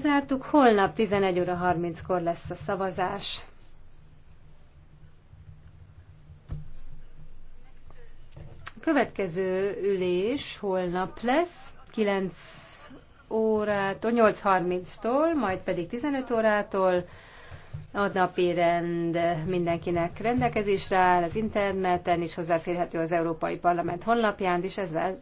Zártuk, holnap 11 óra 30-kor lesz a szavazás. A következő ülés holnap lesz, 9 órától, 8.30-tól, majd pedig 15 órától. A napi rend mindenkinek rendelkezésre áll az interneten, és hozzáférhető az Európai Parlament honlapján, és ezzel